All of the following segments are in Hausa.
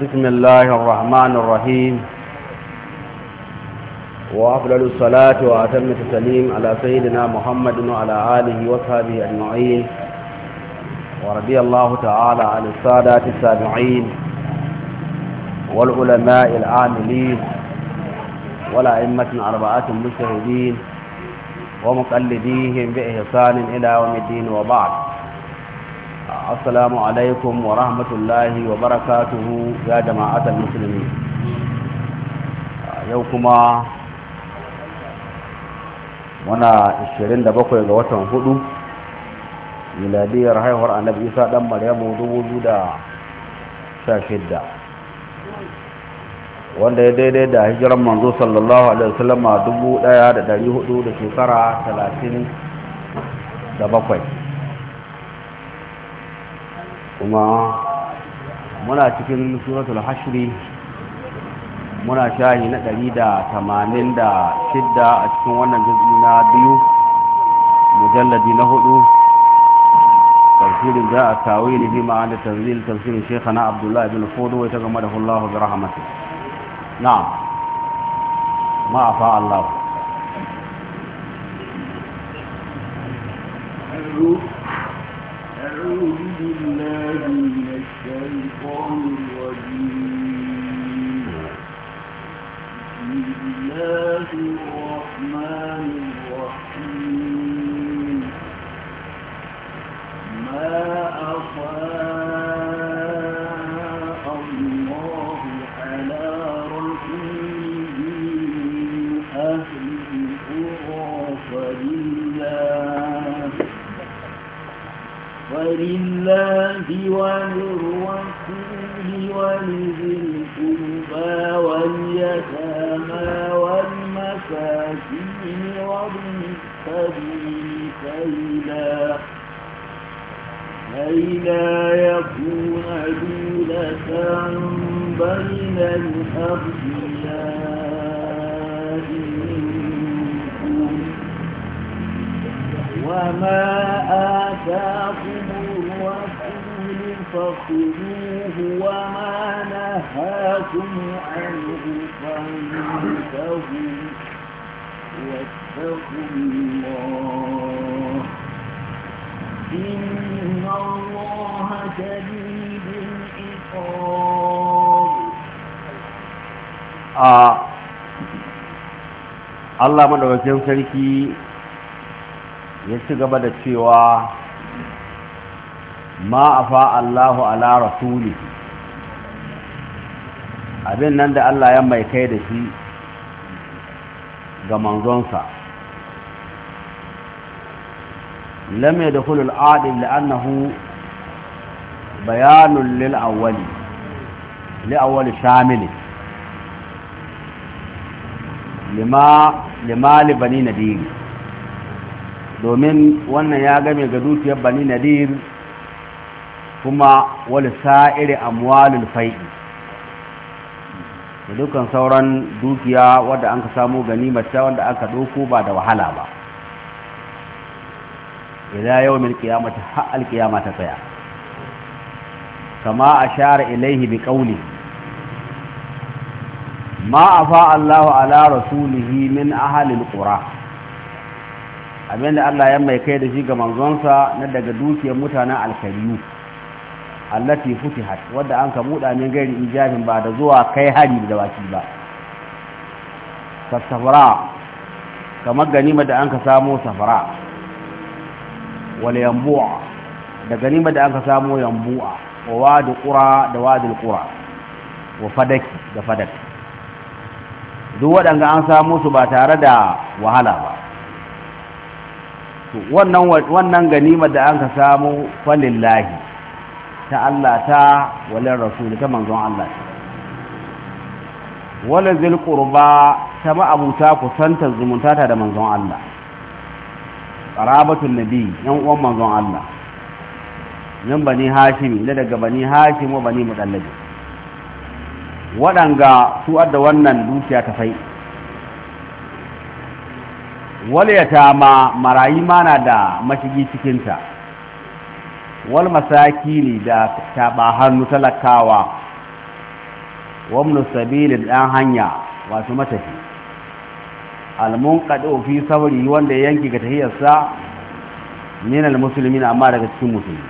بسم الله الرحمن الرحيم وأفضل الصلاة وأتم التسليم على سيدنا محمد وعلى آله وصحبه أجمعين ورضي الله تعالى عن السادة السامعين والعلماء العاملين والأئمة أربعة المجتهدين ومقلديهم بإحسان إلى يوم الدين وبعد wa rahmatullahi wa الله ya يا musulmi yau kuma muna الشرين دبقوا watan هدو miladiyar haihuwar annabi isa dan maryamu shidda, wanda ya daidai da hijiran manzo sallallahu alaihi wasallam a 1400 da shekara bakwai. kuma muna cikin suratul hashri muna shahi na ɗari da tamanin da shidda a cikin wannan jirgi na biyu mujalladi na hudu tafsirin za a tawi ne bi ma'ana tanzil tafsirin na abdullahi bin fodo wai ta gama da hullahu bi rahmatin na'am ma'afa allah Allah madawacin sarki ya ci gaba da cewa ma fa Allahu ala rasuli abin nan da Allah ya mai kai da shi ga manzonsa lam yadkhulu al-adil li'annahu bayanun lil awwali li lima limali bani nadir domin wannan ya game ga dukiyar bani nadir kuma wani sa'iri amwalul fai'i da dukkan sauran dukiya wadda an ka samu ganimata wanda aka ɗauko ba da wahala ba idan yau mil kiyamata har alkiyama ta tsaya kama a share ilaihi bi ƙauli ma afa Allahu ala rasulihi min ahalil qura abinda Allah ya mai kai da shi ga manzonsa na daga dukiyar mutanen alkariyu allati futihat wadda an ka buɗa min gari ijabin ba da zuwa kai hari da baki ba safara kamar ganima da an ka samo safara wal yambu'a da ganima da an ka samo yambu'a wa wadi qura da wadi qura wa fadaki da fadaki duk waɗanda an samu su ba tare da wahala ba wannan ganimar da an ka samu lillahi ta Allah ta walin rasuli ta manzon Allah Wani zilkurba ta ma'abuta kusantar zumunta ta da manzon Allah ƙarabatun nabi yan uwan manzon Allah yan bani hashimi da daga bani Hashimu bani mutallabi waɗanga su adda wannan dukiya ta fai wale ya tama marayi mana da mashigi cikinta wal masakini da taɓa hannu talakawa wamnu da ɗan hanya wato matafi almun ƙaɗo fi sauri wanda yanki ga tahiyarsa minal musulmi amma daga cikin musulmi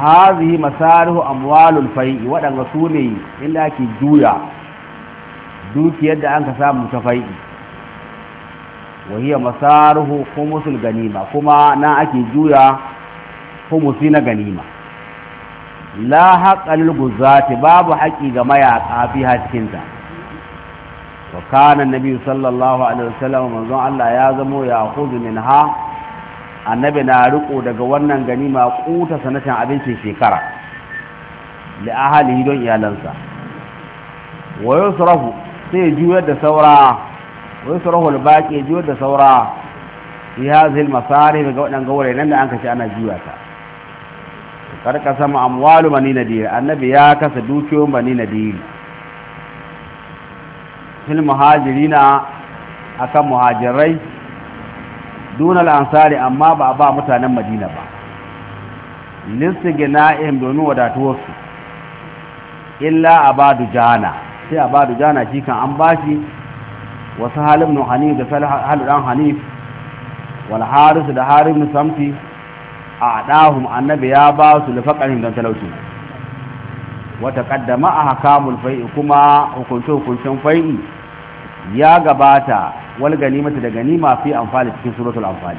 hazihi masarihu amwalul fai waɗanda su ne inda ake juya dukiyar da an ka samu ta fai wahiyar masarihu humusul ganima kuma na ake juya humusi na ganima la haƙalil guzati babu haƙi ga mayaƙa fi haskinta wa kana nabi sallallahu alaihi wasallam manzon Allah ya zamo ya hudu min ha annabi na riko daga wannan ganima kuta sanatan abincin shekara li ahalihi don iyalansa wa yusrafu sai juyar da saura wa yusrafu al-baqi juyar da saura Ya hadhihi masari daga ga gaure nan da an kace ana juya ta karka sama amwalu bani annabi ya kasa dukiyoyin bani nadir fil muhajirina akan muhajirai dunal ansari amma ba a ba mutanen madina ba listighna'ihim domin wadatuwarsu illa abadu jana sai abadu jana shi an bashi wasu halin ibn da salih dan hanif wal da harim samti a adahum annabi ya ba su lafaqarin dan talauci wata kaddama ahkamul fai'i kuma hukunce hukuncen fai'i ya gabata wal ganimatu da ganima fi amfani cikin suratul amfani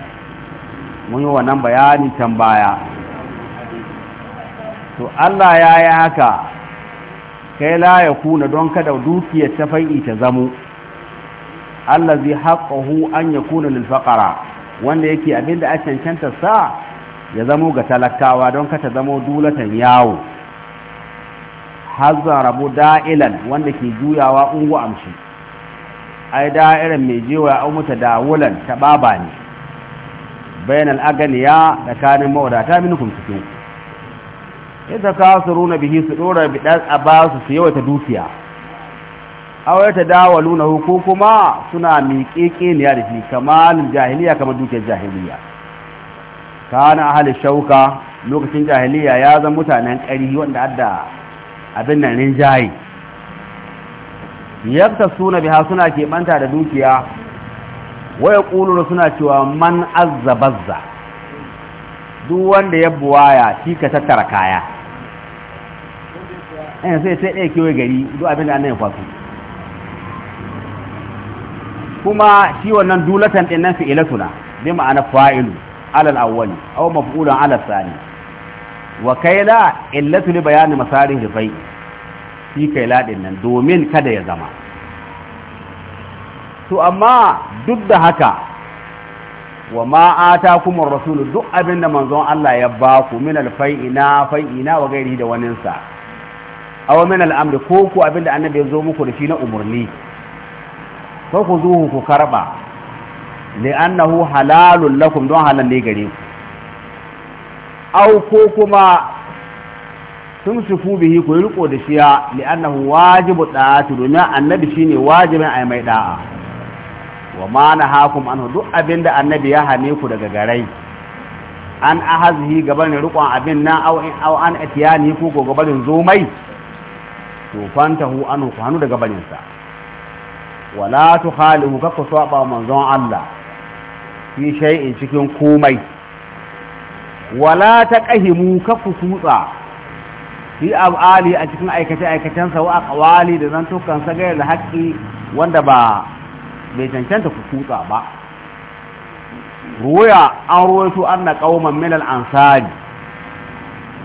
mun yi wannan bayani can baya to Allah ya yi haka kai la ya kuna don kada dukiya ta fai'i ta zamo allazi haqqahu an yakuna lil faqara wanda yake abinda a cancanta sa ya zamo ga talakawa don ka ta zamo dulatan yawo hazza rabu da'ilan wanda ke juyawa ungu amshi ai da'irar mai jiwa an muta dawulan ta baba ne bayan aganiya da kanin mawadata minukun cikin ita ka su runa bihi su dora bidan a ba su su yawata dukiya awai ta dawalu na hukun kuma suna miƙeƙe ne da shi kamalin jahiliya kamar dukiyar jahiliya kana ahalin shauka lokacin jahiliya ya zan mutanen ƙari wanda adda abin nan rinjaye yadda suna biha suna ke manta da dukiya waya ƙulura suna cewa man azza duk wanda ya buwaya shi ka tattara kaya ɗaya eh sai sai ɗaya kewaye gari duk abin da ya faso kuma shi wannan dulatan ɗin nan fi'ila suna bi ma'ana fa'ilu alal awwali aw maf'ulun alal sani wa kaila illatu li bayani masarihi fa'il shi kai laɗin nan domin kada ya zama to amma duk da haka wa ma'ata kuma rasulu duk abinda manzon Allah ya ba ku min alfai'ina fai'ina wa gairi da waninsa awa min al'amri ko ku abinda annabi ya zo muku da shi na umarni ko ku zuhu ku karba li'annahu halalun lakum don halal ne gare ku au ko kuma Sun sufu bihi ku riko da shiya annahu wajibu da'atu domin annabi shine wajibin ai mai da'a wa ma nahakum anhu duk abinda annabi ya hane ku daga garai an ahazhi gaban riƙon abin nan aw aw an atiyani ku ko gabanin zomai to fantahu anhu ku hanu daga banin sa wala tukhalihu ka ku saba manzon Allah fi shay'in cikin komai wala taqahimu ka ku tutsa fi ab'ali a cikin aikace aikacen aikacensa wa aqwali da zan tukan sa da haƙƙi wanda ba bai cancanta ku kutsa ba ruya an su anna qauman min al-ansari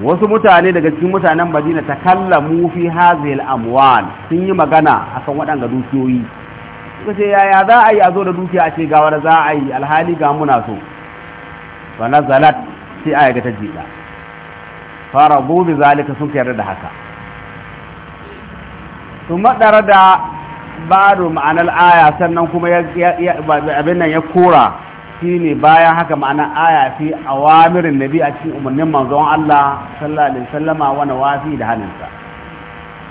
wasu mutane daga cikin mutanen Madina ta kalla Mufi, al-amwal sun yi magana akan waɗanga dukiyoyi suka ce yaya za a yi a zo da dukiya a ce ga wani za a yi alhali ga muna so fa nazalat sai aya ta jiɗa. fara gobe zalika sun yarda da haka su maɗara da baro ma'anar aya sannan kuma abin nan ya kura shi ne bayan haka ma'anar aya fi awamirin nabi a cikin umarnin manzon Allah sallallahu alaihi sallama wani wafi da hannunsa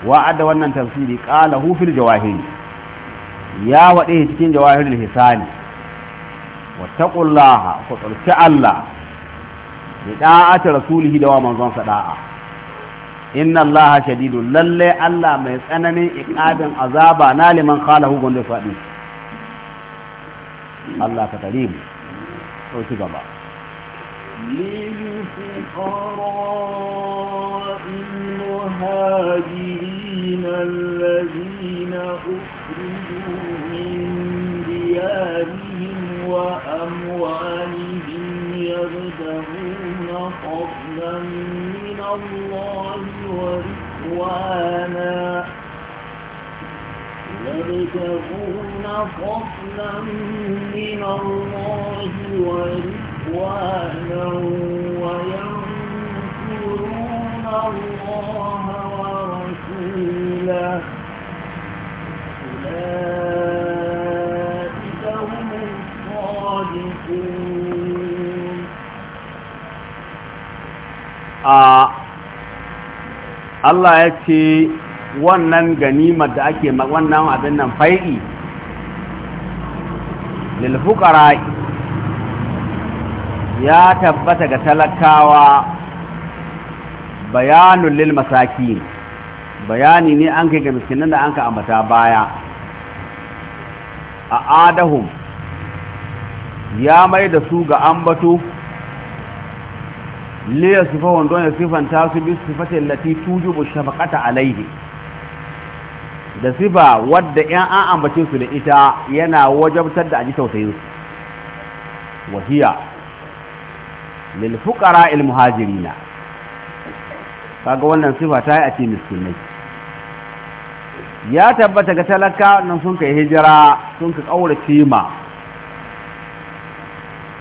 wa'ada wannan tafsiri ƙala hu jawahiri ya wade cikin jawahirin hisani wattaqullaha ku tsorci Allah bi da'ati rasulihi da wa manzon sa da'a inna allaha shadidu lalle allah mai tsananin iqabin azaba na liman khalahu gonda fadi allah ka tare mu to ci gaba للفقراء المهاجرين الذين أخرجوا من ديارهم وأموالهم فضلا من الله ورضوانا يبتغون فضلا من الله ورضوانا وينصرون الله ورسوله أولئك a Allah ya ce wannan ganimar da ake wannan abin nan fai'i lilfukara'i ya tabbata ga talakawa bayanun lil bayani ne an kai ga miskinin da an ka ambata baya a adahum ya mai da su ga ambato liya sifa wanda sifan sifanta su bi sifatin lati tujubu shafakata alaihi da sifa wadda yan an ambace su da ita yana wajabtar da aji tausayin su wahiya lil fuqara al muhajirina kaga wannan sifa ta yi a ce miskinai ya tabbata ga talaka nan sun kai hijira sun ka kaura kima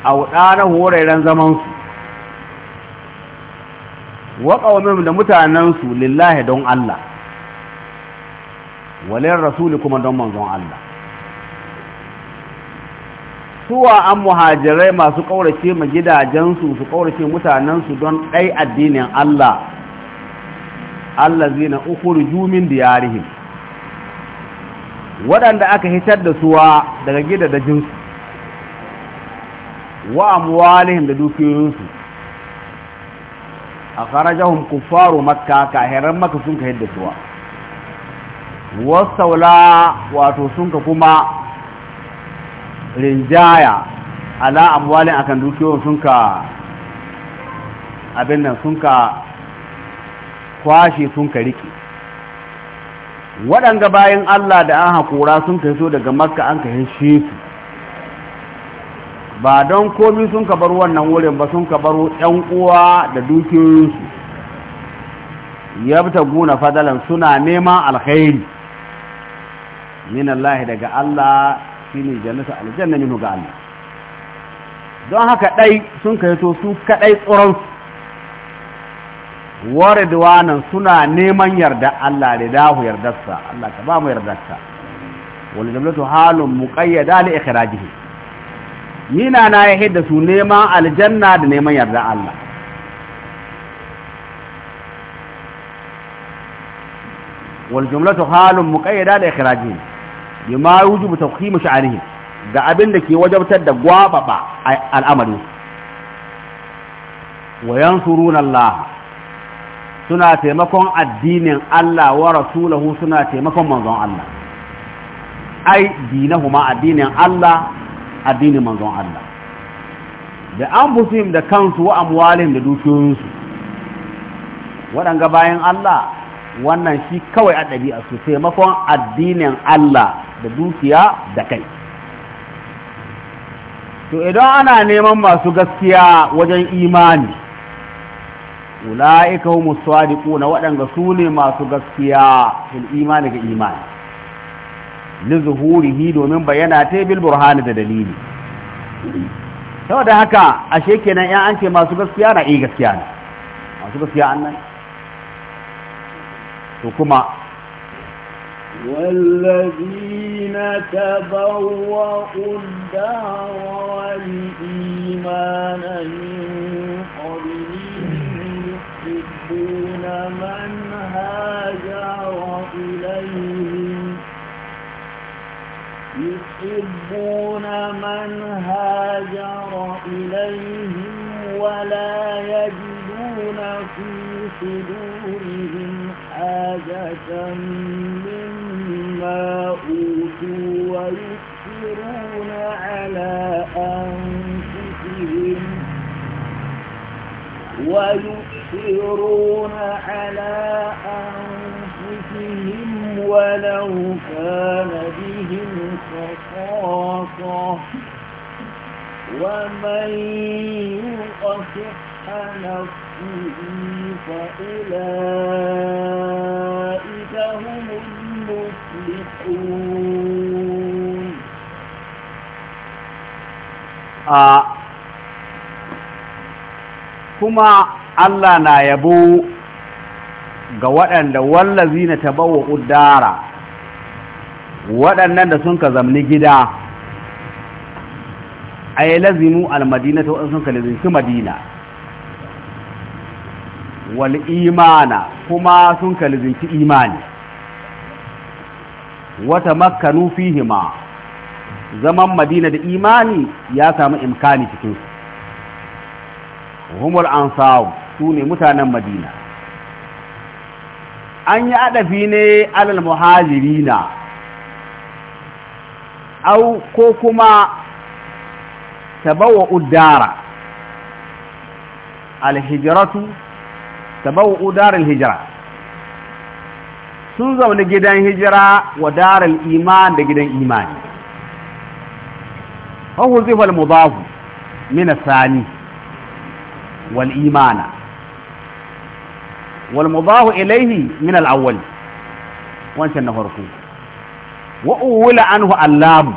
a wuɗa na horairen zamansu wa qawmihim da mutanensu, lillahi don Allah waliyar rasuli kuma don manzon Allah suwa an muhajirai masu ƙaurace ma gidajensu su ƙaurace mutanensu don ɗai addinin Allah Allah zina ukuru jumin diyarihim waɗanda aka hitar da suwa daga gidadajinsu wa amwalihim da dukiyoyinsu akharajahum kuffaru makka kahiran maka sun ka hiddasuwa wasaula wato sun ka kuma rinjaya ala amwalin akan dukiyoyin sun ka abin nan sun ka kwashe sun ka rike waɗanga bayan Allah da an haƙura sun ka so daga makka an ka hin su ba don komi sun ka bar wannan wurin ba sun ka baro yan uwa da dukiyoyinsu yabta guna fadalan suna neman alkhairi min Allah daga Allah shi ne jannata aljanna minu ga Allah don haka dai sun kai to su kadai tsoron waridwanan suna neman yarda Allah da dahu yardarsa Allah ka ba mu yardarsa wal jannatu halun muqayyada li ikhrajihi mina na ya hidda su neman aljanna da neman yarda Allah wal jumlatu halun muqayyada da ikhrajin bima yujibu tafhim sha'anihi ga abin da ke wajabtar da gwababa al'amari wa yansuruna Allah suna taimakon addinin Allah wa rasulahu suna taimakon manzon Allah ai dinahuma addinin Allah addinin manzon Allah da anfusihim da kansu wa amwalin da dukiyoyinsu waɗanga bayan Allah wannan shi kawai a ɗabi'a su makon addinin Allah da dukiya da kai to idan ana neman masu gaskiya wajen imani ula'ika humus sadiquna waɗanga su ne masu gaskiya fil imani ga imani li zuhurihi domin bayyana ta bil burhani da dalili saboda haka ashe kenan ya an ce masu gaskiya na iya eh, gaskiya ne masu gaskiya annan to kuma والذين تبوأوا الدار والإيمان من قبلهم يحبون من هاجر إليهم يحبون من هاجر إليهم ولا يجدون في صدورهم حاجة مما أوتوا ويكثرون على أنفسهم ويؤثرون على أنفسهم ولو كان بهم قصاصة ومن kuma Allah na yabo ga waɗanda wallazi na taɓa wa waɗannan da sun ka zamni gida a yi lazimu al-madina ta waɗansu ka lazimci madina wal kuma sun ka lazimci imani wata makkanu fihima zaman madina da imani ya samu imkani cikinsu humul ansawu su ne mutanen madina an yi adafi ne alal muhajirina au ko kuma tabawa udara alhijiratu tabawa udarar hijira sun zaune gidan hijira wa darar iman da gidan imani hau zifar mubahu mina sani wal imana wal mubahu ilaihi min al'awwali wancan na farko wa uwula anhu allamu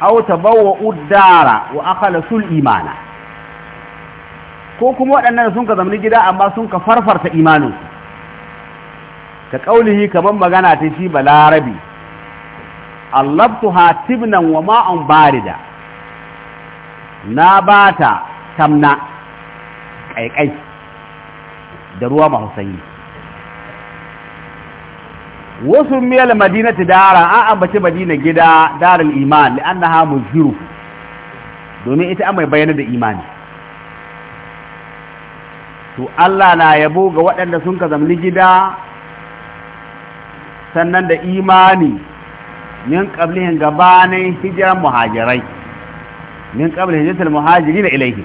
aw bawa udara wa akhlasul imana ko kuma waɗannan sun ka zamani gida amma sun ka farfarta imanin ka kaulihi kamar magana ta shi balarabi allabtuha tibnan wa ma'an barida na bata tamna ƙaiƙai, da ruwa ma sanyi wasu madina madinati dara an ambaci madina gida darin iman li'annaha zuru domin ita an mai da imani to Allah na yabo ga waɗanda sun ka zamli gida sannan da imani min ƙablihin gabanin hijiran muhajirai min hijiran muhajiri na ilaihi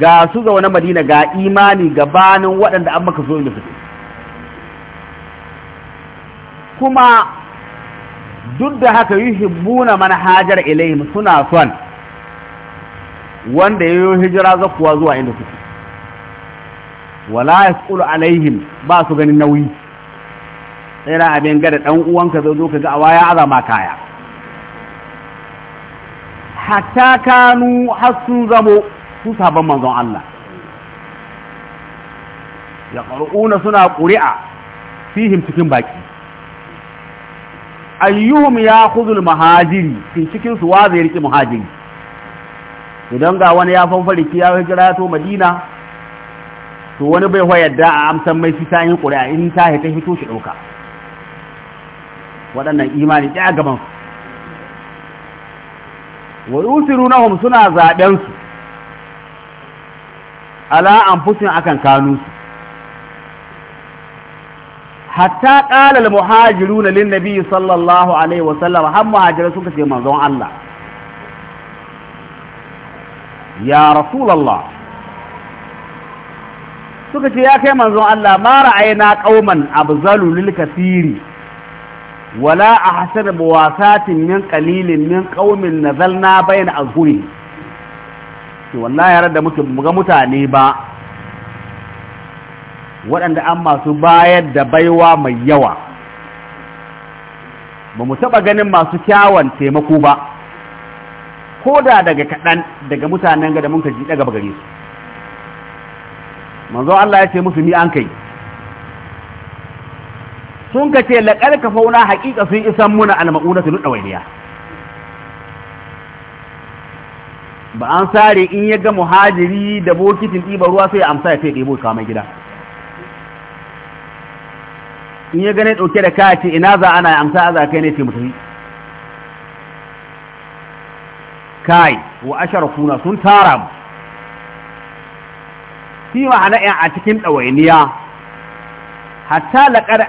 ga su zaune madina ga imani gabanin waɗanda an maka zo inda suke kuma duk da haka yuhibbuna man manhajar ilayhim suna son wanda yayo hijira zakuwa zuwa inda suke wala yasqulu alaihim ba su ganin nauyi sai na abin da dan uwanka zai zo ka ga awaya azama kaya hatta kanu har sun zamo su sabon manzon Allah ya suna ƙuri'a fihim cikin baki ayyuhum ya kuzul muhajiri cikin cikin su wa zai rike muhajiri idan ga wani ya fanfarki ya hijira to madina to wani bai hoya da a amsan mai fita yin ƙuri'a in ta ta hito shi ɗauka waɗannan imani ɗaya gaban su wa yusiru suna zaɓen su ala anfusin akan kanu su hatta ƙalal muhajiru na lin nabi sallallahu alaihi wasallam har muhajirai suka ce manzon Allah ya rasulullah suka ce ya kai manzon Allah ma ra'ayna qauman abzalu lil kasiri wala ahsana buwasatin min qalilin min qaumin nazalna bayna azhuri wallahi ya rada muke ga mutane ba waɗanda an masu bayar da baiwa mai yawa ba mu taɓa ganin masu kyawun taimako ba ko da daga kaɗan daga mutanen gada mun kaji daga bagare su manzo Allah ya ce musu ni an kai sun ka ce laƙar ka fauna haƙiƙa sun isan muna alma'una su nuɗa wailiya ba an sare in ya ga muhajiri da bokitin ɗiba ruwa sai ya amsa ya ce ɗebo kamar gida in ya gane ɗauke da kaya ce ina za ana amsa a kai ne ce mutum kai wa ashara kuna sun tara mu fi ma'ana yan a cikin ɗawainiya hatta laƙar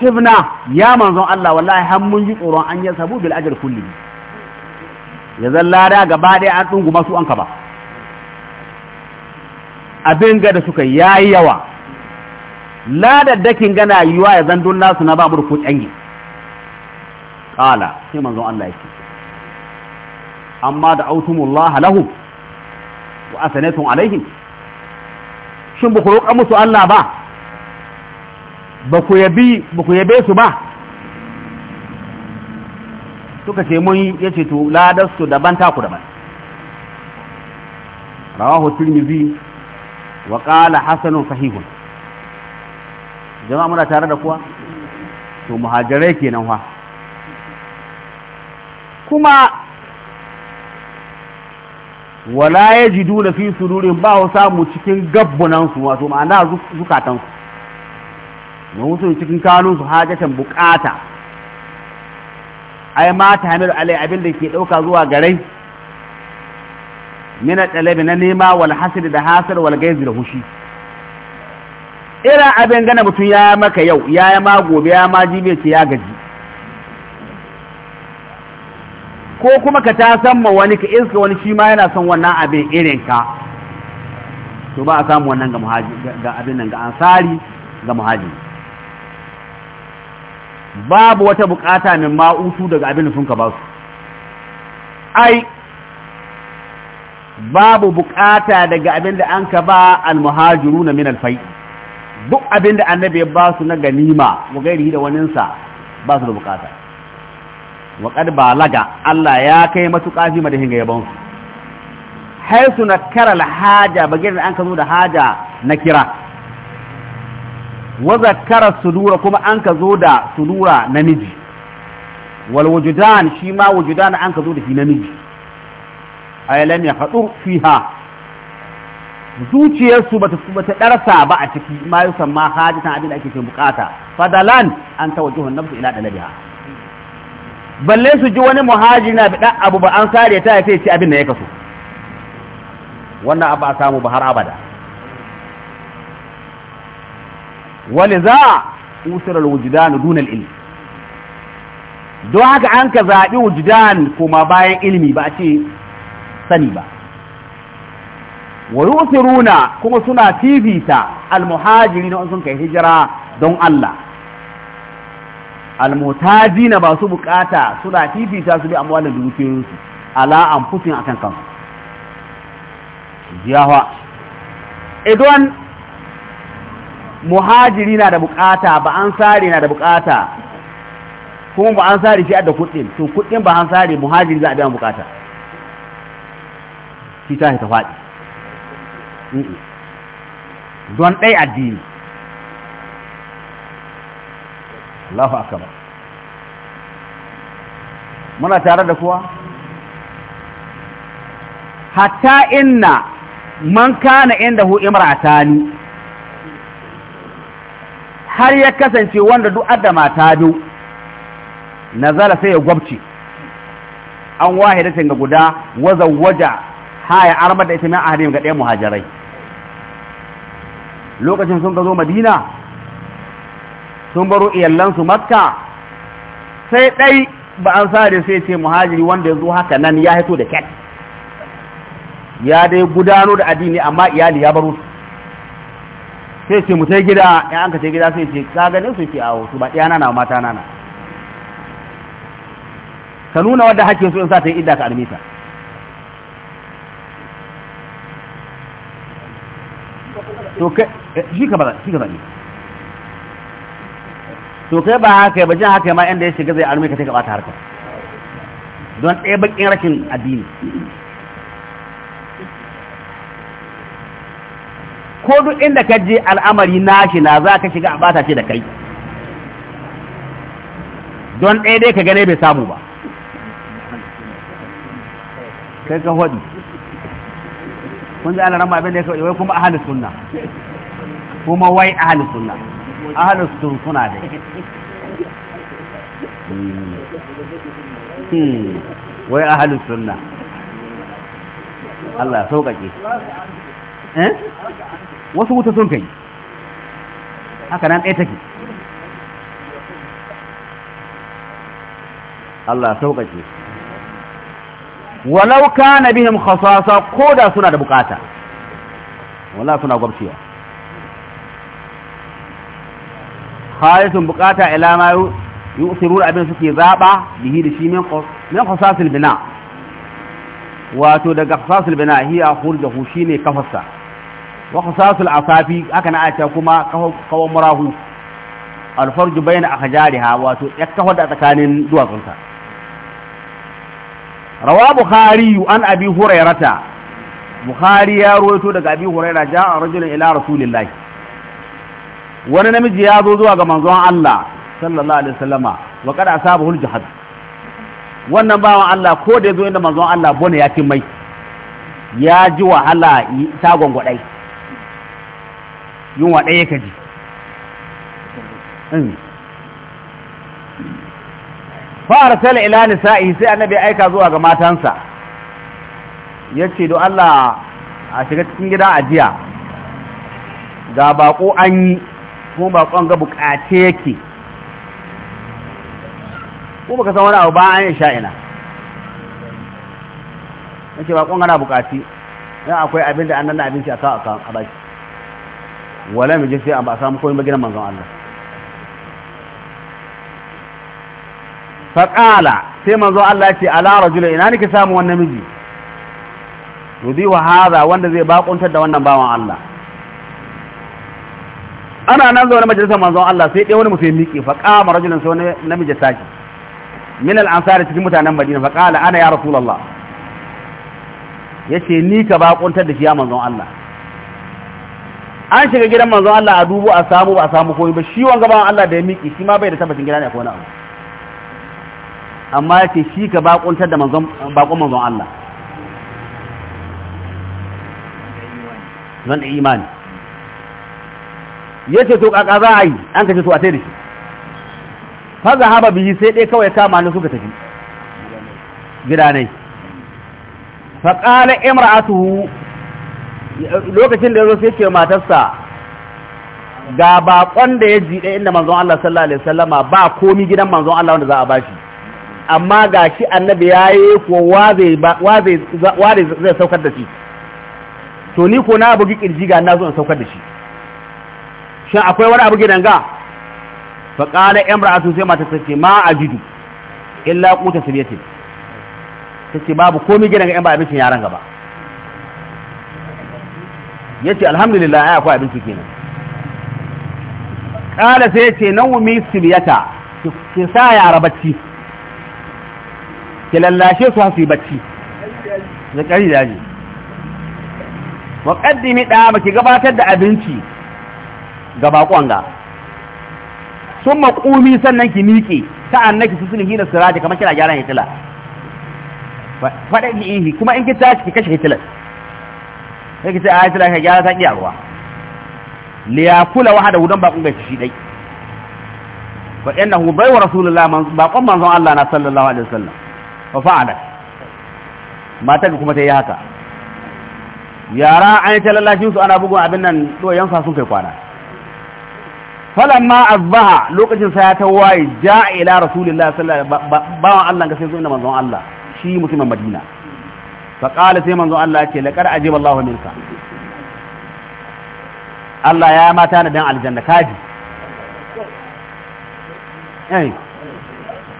hibna ya manzon Allah wallahi har mun yi tsoron an yi sabu bil ajr kulli ya zalla da gaba ɗaya an ɗunguma su an ka ba abin ga da suka yayi yawa dakin gana yiwa ya zandun na ba mu rufu tsangi ƙala sai manzon Allah yake amma da autumullaha lahu wa asanatun alaihim shin ba roƙa musu Allah ba ba ku yabi su ba suka ce mun yace to ladar daban taku daban rawahu tirmidhi wa qala sahihun jama'a muna tare da kuwa to muhajirai kenan fa kuma wala ya ji duna fi sururin ba wa samu cikin gabbunansu wato ma'ana zukatansu na wasu cikin kanunsu hajatan bukata ai ma ta alai abin da ke ɗauka zuwa garai mina ɗalabi na nema wal da hasar wal gaizi da hushi ira abin gana mutum ya maka yau ya yi ma gobe ya ma jibe ce ya gaji ko kuma ka ta san ma wani ka iska wani shi ma yana son wannan abin irin ka to ba a samu wannan ga muhaji ga abin nan ga ansari ga muhaji babu wata bukata min ma'usu daga abin da sun ka ba su ai babu bukata daga abin da an ka ba al na min alfai duk abin da annabi ya ba su na ganima wa gairi da waninsa ba su da bukata wa kad balaga Allah ya kai matuƙa fi madahin ga yabon su haisu na kara haja bagirin an ka zo da haja na kira wa zakara sudura kuma an ka zo da sudura namiji wal wujudan shi ma wujudan an ka zo da shi namiji ay ya yahdu fiha zuciyarsu bata bata darsa ba a ciki ma yusamma hajatan abin da ake cikin bukata fadalan an tawajjuhu nafsu ila dalabiha balle su ji wani muhajina bi dan abu ba an sare ta sai ci abin da ya kaso wannan abu a samu ba har abada wani za usir alwujudan dun alilm don haka an ka zaɓi wujudan kuma bayan ilimi ba a ce sani ba wa yusiruna kuma suna fifita almuhajirin sun kai hijira don Allah almutajina ba su bukata suna fifita su bi amwalin dukiyoyinsu ala anfusin akan kansu jiyawa idan muhajiri na da bukata ba an sare na da bukata kuma ba an sare shi da kudin to kudin ba an sare muhajiri za a biya bukata shi ta ta faɗi don ɗai addini Allahu akbar muna tare da kuwa hatta inna man kana inda hu imratani har ya kasance wanda duk adama ta biyu nazala sai ya gwabci, an wahida ga guda wazawwaja haya armar da ita min ahadin ga ɗaya muhajirai lokacin sun ka zo madina sun baro iyalansu makka sai ɗai ba an sare sai ce muhajiri wanda ya zo haka nan ya hito da kyat ya dai gudano da addini amma iyali ya baro su sai ce mu gida ya an ka ce gida sai ce ka ganin su ke awo su ba ɗaya na mata nana ka nuna wadda hakkin su in sa ta yi idda ka armita to kai eh, shi ka bana shi ka bani to kai ba haka ba jin haka ma inda ya shiga zai arme ka take bata harka don ɗaya bakin rashin addini ko duk inda ka je al'amari nashi na za ka shiga a bata ce da kai don ɗaya dai ka gane bai samu ba kai ka hudu kun ji ana rama abin da ya kawai wai kuma ahalus sunna kuma wai ahalus sunna ahalus sun suna dai hmm. wai ahalus sunna Allah sauƙaƙe eh wasu wuta sun kai haka nan ɗaya take Allah sauƙaƙe walau na bihim khasasa koda suna da bukata wala suna gwabciya khalisun bukata ila ma yusiruna abin suke zaba bihi da shi min min khasasil bina wato daga khasasil bina hiya khurjahu shine kafasa wa khasasul asafi aka na ata kuma kawan murahu alfarju bayna akhjariha wato yakkafa da tsakanin duwatsunsa rawa bukhari an abi hurairata bukhari ya rawaito daga abi hurairah ja'a rajulun ila rasulillahi wani namiji ya zo zuwa ga manzon Allah sallallahu alaihi wasallama wa qad asabahu al-jahad wannan bawan Allah ko da zo inda manzon Allah bone ya ci mai ya ji wahala ta gwangwadai yin wadai ka ji fa'arsala ila nisa'i sai annabi aika zuwa ga matansa yace don Allah a shiga cikin gida ajiya ga bako an yi kuma bakon ga bukace yake ko baka san wani abu ba an sha ina yace bakon gana bukaci dan akwai abin da annan abinci aka aka a baki wala mu je sai an ba samu komai maginan manzon Allah faƙala sai manzo Allah ce ala rajula ina nake samu wannan miji rudi wa hada wanda zai bakuntar da wannan bawan Allah ana nan zaune majalisar manzo Allah sai ɗaya wani musulmi miƙe faƙama rajulin sai wani namiji taki min al ansari cikin mutanen Madina faƙala ana ya rasulullah yace ni ka bakuntar da shi ya manzo Allah an shiga gidan manzo Allah a dubu a samu ba a samu komai ba shi wanga bawan Allah da ya miƙe shi ma bai da tabbacin gida ne ko wani abu amma yake shi ka bakuntar da manzon bakon manzon Allah zan imani yace to kaka za a yi an kace to a tare shi fa haba bihi sai dai kawai kama ne suka tafi gidanai fa qala imra'atuhu lokacin da yazo sai ce matarsa ga bakon da ya ji ɗaya inda manzon Allah sallallahu alaihi wasallama ba komi gidan manzon Allah wanda za a bashi amma ga shi annabi ya yi ko wazai zai saukar da shi to ni ko na bugi kirji ga na zo in saukar da shi shin akwai wani abu gidan ga fa qala imra'atu sai mata tace ma ajidu illa quta sabiyati tace babu komai gidan ga in ba abincin yaran gaba yace alhamdulillah ai akwai abinci kenan qala sai yace nawmi sabiyata ki sa ya rabacci ki lallashe su su yi bacci da ƙari daji ni ɗa ba ki gabatar da abinci ga baƙon ga sun maƙumi sannan ki miƙe ta'an naki su sulhi da siraji kamar kira gyaran hitila faɗa ki ihi kuma in ki tashi ki kashe hitila sai ki ce a hitila ka gyara ta ƙiya ruwa liyakula wahada wudan baƙon bai shi dai fa innahu bai wa rasulullah baƙon manzon Allah na sallallahu alaihi wasallam fa fa'alat matan kuma ta yi haka yara an yi ta lallashin su ana bugun abin nan doyan sa sun kai kwana falamma azbaha lokacin sa ya tawaye ja ila rasulillah sallallahu alaihi wasallam bawan Allah ga sai zo inda manzon Allah shi musulman Madina fa qala sai manzon Allah ce laqad ajiba Allahu minka Allah ya mata na dan aljanna kaji eh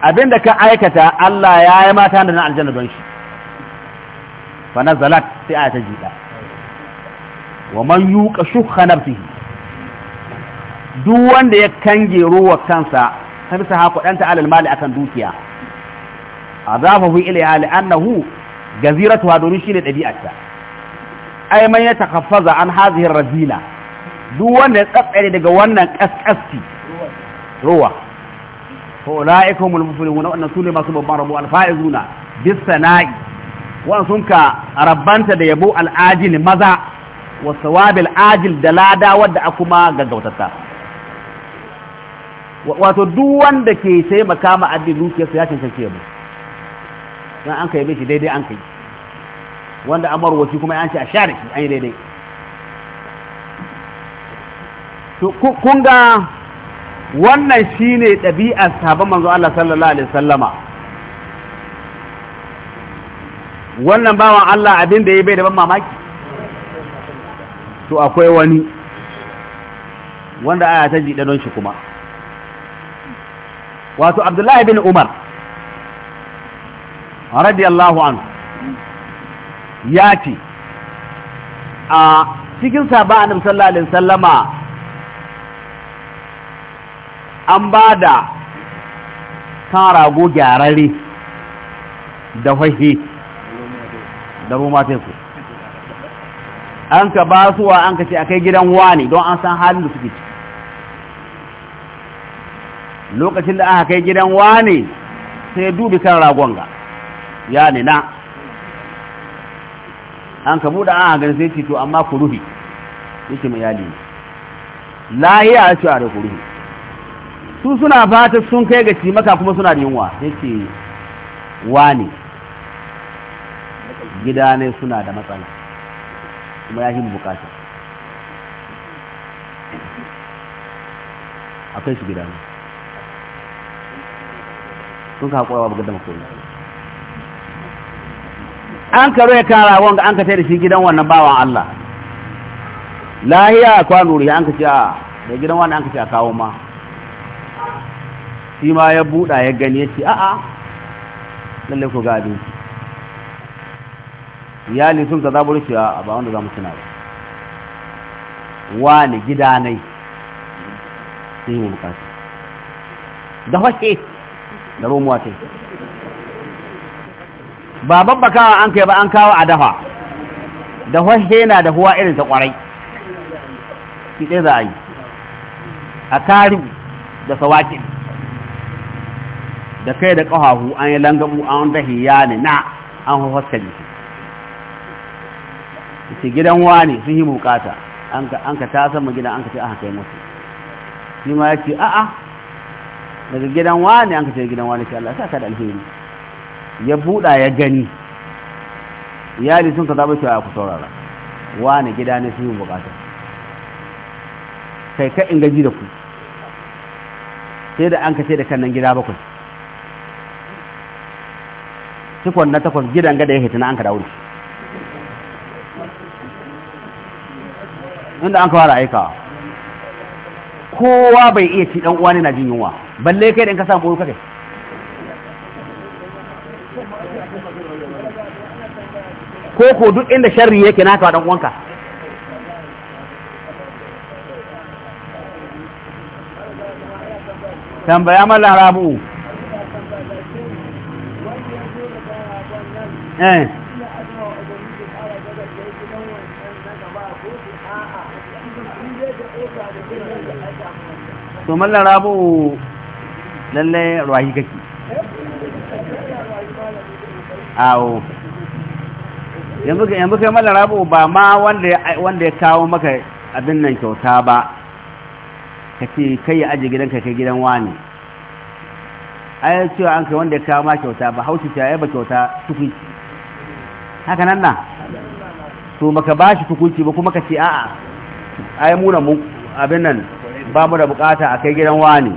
Abin da ka aikata Allah ya yi mata da na aljanna don shi fa nazalat sai aya ta wa man yuqa shukha nafsihi duk wanda ya kange ruwa kansa ta bisa ha kudanta alal mali akan dukiya azafahu ilayha li annahu gaziratuha domin shine dabi'arta ai man ya takaffaza an hazihi razila duk wanda ya tsatsare daga wannan kaskasti ruwa fa ulaika humul muflihun wa annasu masu babban rabo al faizuna bis sana'i da yabo al maza wa ajil da lada wadda akuma gaggautata wato duk wanda ke taimaka ma addin ya cancanci yabo dan an kai shi daidai an kai wanda kuma an ce a share an yi daidai ga wannan shine ɗabi'ar sahabban manzo Allah sallallahu alaihi sallama wannan bawan Allah abin da ya bai da ban mamaki to akwai wani wanda aya ta jiɗa don shi kuma wato abdullahi bin umar radiyallahu anhu ya ce a cikin sabon annabi sallallahu alaihi sallama. an ba da kan rago da fahe da roma teku an ka ba wa an ka ce a kai gidan wani don an san halin da suke ci lokacin da aka kai gidan wani sai dubi kan ragon ga ya nina an ka buɗe an hagar sai ce to amma ku ruhi yake mai yali lahiya a da ku ruhi su suna fata sun kai ga cimaka kuma suna da yunwa yake wani gida ne suna da matsala kuma ya yi bukata akwai su gida ne sun ka haƙorawa ba gada makoni an karo ya kara wanga an ka tare da shi gidan wannan bawan Allah lahiya kwanuri ya an ka ce a da gidan wannan an ka ce a kawo ma shi ma ya buɗa ya gani ya ce a'a lalle ku ga abinci iyali sun zaza buru cewa a ba wanda za mu tuna ba wani gida nai sun yi mu bukatu da fashe da romuwa ce ba kawo an kai ba an kawo a dafa da fashe na da huwa irin ta kwarai Ki ɗaya za a yi a kari da sawakin da kai da ƙahahu an yi langabu an dahi ya ne na an hafaskari su ce gidan wani sun yi bukata an ka tasa mu gidan an ka ce aka kai mutu shi ma ya ce a'a daga gidan wani an ka ce gidan wani shi Allah sa ka da alheri ya buɗa ya gani iyali sun ka zaɓa cewa ku saurara wani gida ne sun yi bukata kai ka ingaji da ku sai da an ka ce da kan nan gida bakwai sifon na takwas gidan gada ya hitina an ka daure inda an ka fara aika kowa bai iya ci dan uwa ne na jin yunwa balle kai da in ka samu boyo kake ko ko duk inda sharri yake naka dan uwanka tambaya mallan rabu Eh. to mallan rabu lalle ruwahi kake awo yanzu ka yanzu kai mallan rabu ba ma wanda wanda ya kawo maka abin nan kyauta ba kake kai ya aje gidanka kai gidan wani ai cewa an kai wanda ya kawo ma kyauta ba haushi ta ya ba kyauta sufi haka nan na to maka ba shi hukunci ba kuma ka ce a'a ai mu mun abin nan ba mu da bukata a kai gidan wani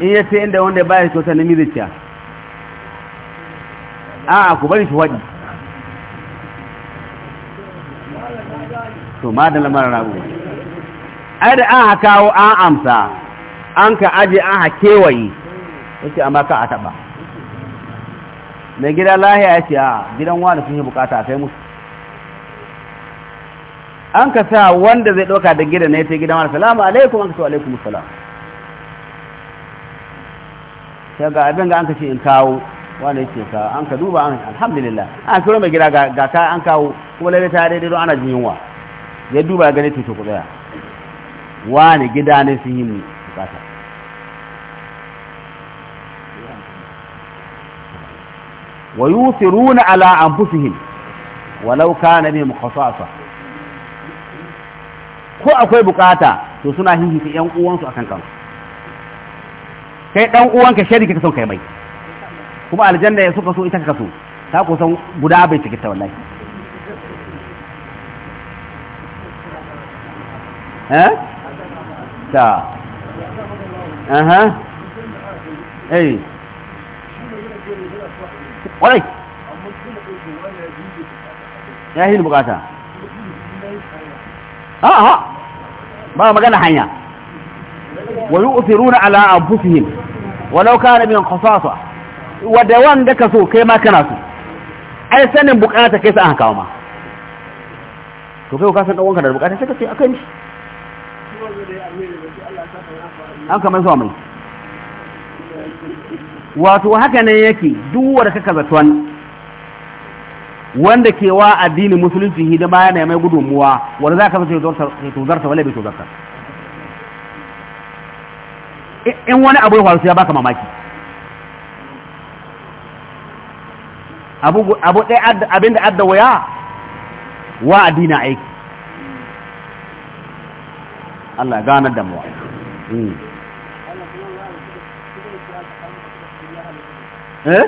in ya ce inda wanda ba ya kyauta na miziciya a'a ku bari shi waɗi to ma da lamarin rabu ai da an kawo an amsa an ka aje an ha kewaye yake amma ka a taɓa mai gida lahiya ya ce a gidan wani sun yi bukata sai musu an ka sa wanda zai ɗauka da gida na ya ce gidan wani salamu alaikum an ka sa alaikum salamu sai ga abin ga an ka ce in kawo wani ya ce ka an ka duba an alhamdulillah an kiro mai gida ga ka an kawo kuma lalle ta daidai don ana jin yunwa ya duba ya gani tuto kudaya wani gida ne sun yi bukata wa على ala ولو كان بهم خصاصة ko akwai bukata to suna ta yan uwansu akan kansu kai dan uwanka shari'a ka son kai mai kuma aljanna ya suka so ita ka so ta san guda bai cike ta wallahi eh ta aha eh kwarai ya yi bukata a'a ba magana hanya wa yu'thiruna ala anfusihim walau kana min khasasa wanda wanda ka so kai ma kana so ai sanin bukata kai sa an kawo ma to kai ka san dan wanka da bukata sai ka ce akan shi an kamar zuwa mai wato haka nan yake duwar kaka zaton wanda ke wa addinin musulunci hidima yana mai gudunmuwa wanda za ka zata tozarta wale bai tozarta in wani abu ya faru ya baka mamaki abu ɗaya abin da adda waya wa addinin aiki Allah ganar da mu hmm. Eh?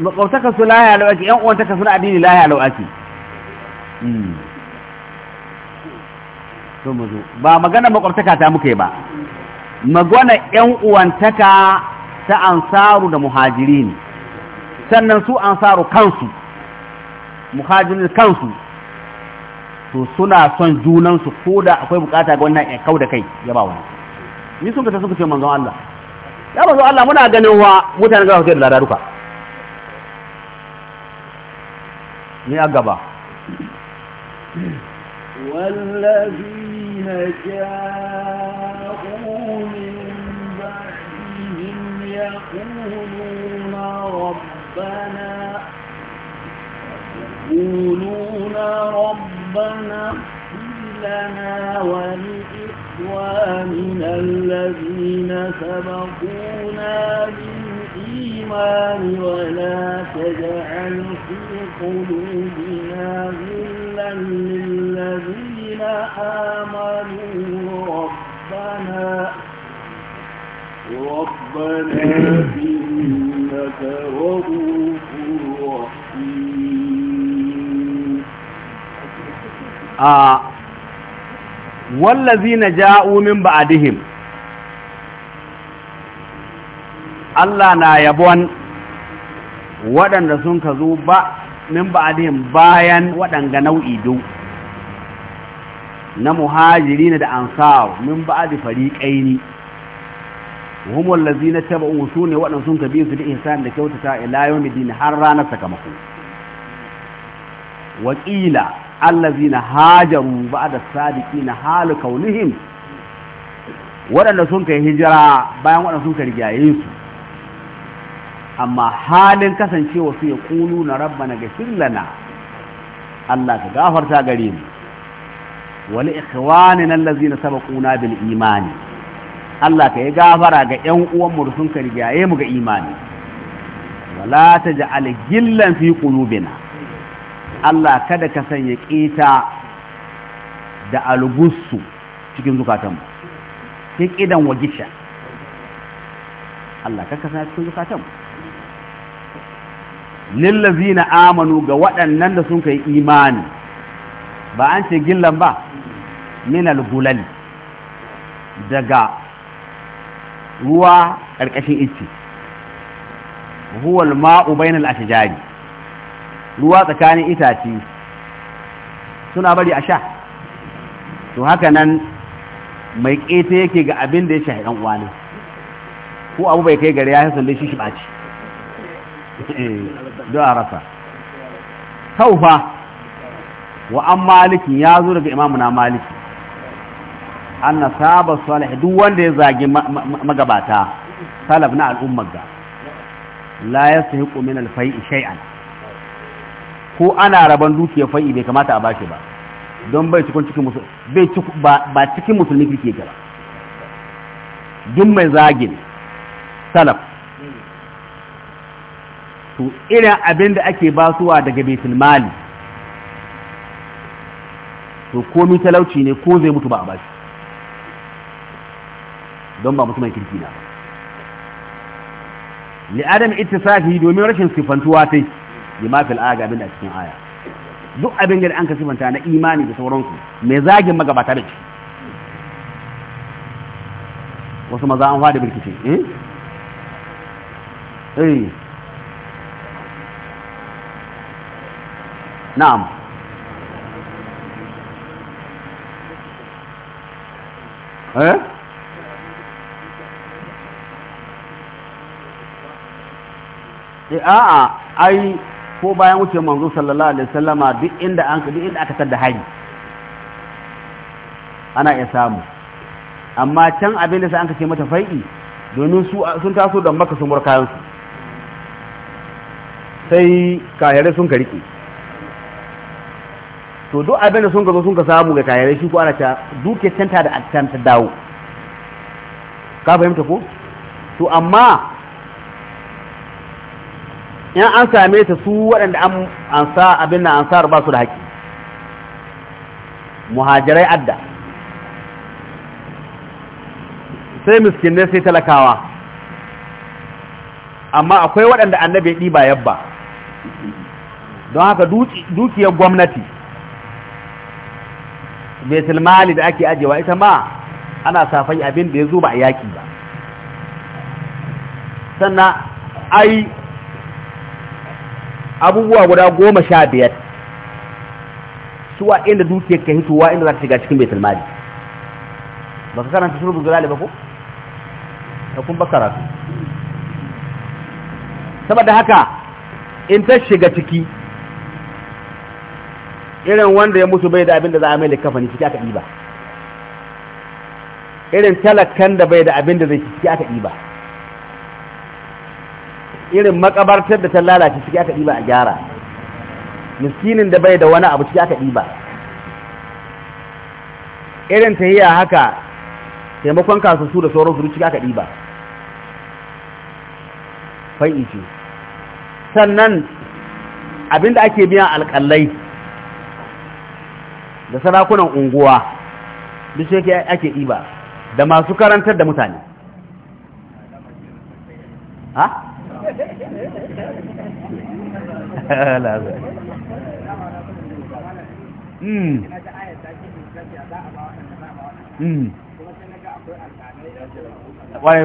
makwabtaka su laya lau yan uwantaka suna addini laya lau hmm. ba magana makwabtaka ta muke ba magana yan uwantaka ta ansaru da muhajirin sannan su ansaru kansu muhajirin kansu to suna son junansu ko da akwai bukata ga wannan ya kau da kai ya ba wani ni sun ka ta suka ce manzon Allah ya mazu Allah muna ganin wa mutane za su da lada ni a gaba والذين جاءوا من بعدهم يقولون ربنا يقولون ربنا اغفر لنا ولإخواننا ومن الذين سبقونا بالإيمان ولا تجعل في قلوبنا غلا للذين آمنوا ربنا ربنا إنك رؤوف رحيم آه. na ja'u min ba'dihim Allah na yabon waɗanda sun ka zo ba min ba'dihim bayan waɗanga nau'i do na muhajiri da ansar min ba'di fariqaini hum taba tabu ne waɗanda sun ka bi su da ihsan da kyautata ila yawmiddin har ranar sakamako wakila allazina hajaru ba'da sadiqina halu kaunihim waɗanda sun kai hijira bayan waɗanda sun kai rigaye su amma halin kasancewa su ya kulu na rabba na gashin lana Allah ka gafarta gare mu wani ikhwanin allazi na saba kuna bil imani Allah ka yi gafara ga yan uwanmu da sun kai rigaye mu ga imani wala ta ja'al gillan fi qulubina Allah kada ka sanya ƙita da algussu cikin zukatanmu sai ƙidan wa gisha Allah kada ka sanya cikin zukatanmu zina amanu ga waɗannan da sun kai imani ba an ce gillan ba min algulali daga ruwa ƙarƙashin iti, huwal ma'u bainal ashjari ruwa tsakanin itace suna bari a sha to haka nan mai ƙeta yake ga abin da ya shahi ɗan uwanin ko abu bai kai gari ya hasan shi shi ɓaci eh, don a rasa taufa wa an maliki ya zo daga imamu na maliki an na saba salih duk wanda ya zagi magabata salaf na al'ummar ga la ya sahi min alfai shay'an ko ana rabon dukiyar fa'i bai kamata a bashi ba don bai cikin cikin bai ba cikin musulmi kirki yake ba duk mai zagin salaf to irin abin da ake basuwa daga baitul mali to komi talauci ne ko zai mutu ba a bashi don ba mutumin kirki na ba li adam ittisafi domin rashin sifantuwa sai. bima fil ga abin da cikin aya duk abin da an kasifanta na imani da sauransu mai zagin magabata da ciki wasu maza an fada birkice eh eh na'am eh, eh a'a ai ko bayan wuce manzo sallallahu alaihi wasallama duk inda an duk inda aka tada hayi ana iya samu amma can abin da sai an kace mata fai'i domin su sun taso da maka sun murkayan su sai kayare sun ka rike to duk abin da sun ka zo sun ka samu ga kayare shi ko ana ta duke tanta da akanta dawo ka fahimta ko to amma in an same ta su waɗanda an ansa abin na ansar ba su da haƙƙi muhajirai adda sai miskin sai talakawa amma akwai waɗanda annabi ya ɗiba yabba don haka dukiyar gwamnati betul mali da ake ajewa ita ma ana safai abin da ya zo ba a yaƙi ba sannan ai abubuwa guda goma sha biyar suwa inda dukiyar ka hitowa inda za ka shiga cikin baitul mali ba ka karanta shurbu zulali ba ko da kun ba karatu saboda haka in ta shiga ciki irin wanda ya mutu bai da abin da za a mai likafani ciki aka ɗiba irin talakan da bai da abin da zai ciki aka ɗiba irin makabartar da ta lalace ciki aka ɗiba a gyara miskinin da bai da wani abu ciki aka ɗiba irin ta tahiya haka taimakon kasusu da sauran su ciki aka ɗiba fai ce sannan abinda ake biyan alƙalai da sarakunan unguwa duk shi ake ɗiba da masu karantar da mutane ha? ƙwarai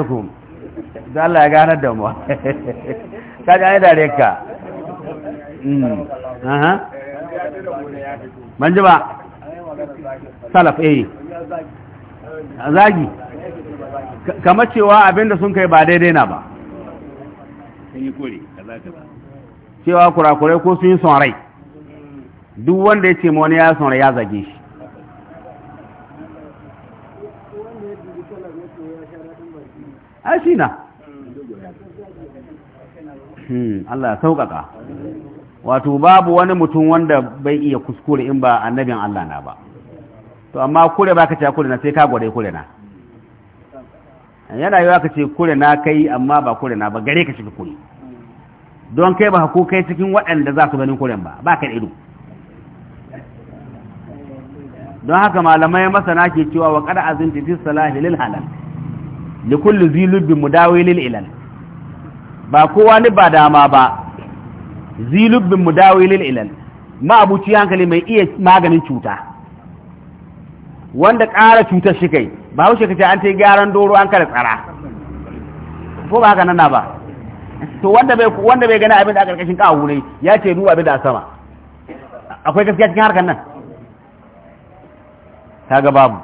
ku za Allah ya gane da mu ta ji aida reka hmm. ban ji ba salaf eh zagi kamar cewa abinda sun kai ba daidai na ba sun yi kore kaza kaza cewa kurakurai ko sun yi son rai duk wanda ya ce ma wani ya son rai ya zage shi a shi na hmm, Allah ya sauƙaƙa wato babu wani mutum wanda bai iya kuskure in ba annabin Allah na ba to amma kure ba ka ce kure na sai ka gwada kure na yana yiwa ka ce kure na kai amma ba kure na ba gare ka shiga kure don kai ba ku kai cikin waɗanda za su ganin kuren ba ba ka ido don haka malamai masana ke cewa wa kada azin fi salahi lil halal li kulli zilubi mudawi lil ilal ba kowa ni ba dama ba zilubi mudawi lil ilal ma abuci hankali mai iya maganin cuta wanda ƙara cutar shi kai ba haushe kace an ta yi gyaran doro an kada tsara ko ba haka nan ba to wanda bai wanda bai gani abin da a karkashin kawu ne ya ce nu abin da sama akwai gaskiya cikin harkan nan kaga babu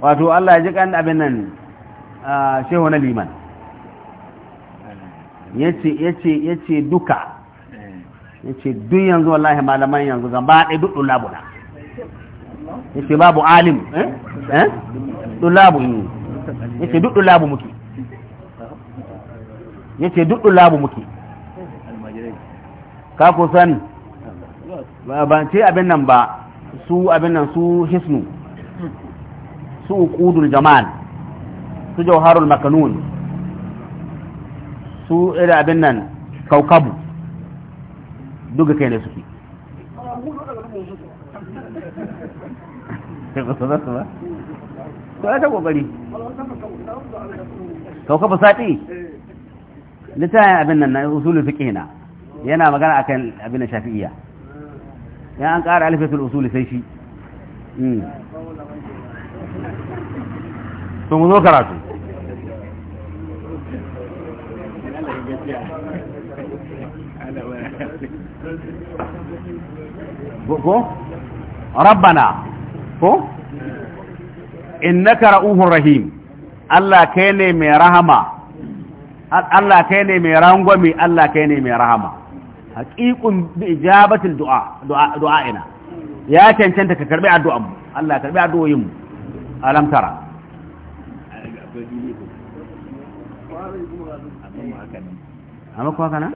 wato Allah ya ji kan abin nan shehu na liman yace yace yace duka yace duk yanzu wallahi malaman yanzu gaba ɗaya duk dulabuna yace babu alim eh eh dulabu yace duk dulabu muke yace duk labu muke ka kusan ba ban ce abin nan ba su abin nan su hisnu su uqudul jamal su jawharul makanun su irin abin nan kaukabu duka kai ne suke to ya ta kokari kaukabu sati لتاي ابن ان اصول الفقه هنا ينا مغان اكن الشافعيه يا قال الف في الاصول سيفي امم ثم لو قرات ربنا هو انك رؤوف رحيم الله كان مرحما Allah kai ne mai rangwami? Allah kai ne mai rahama haqiqun bi ijabatil du'a ina. ya cancanta ka karbi addu'an mu Allah ya karbi addu'oyin mu alam tara amma kuwa kana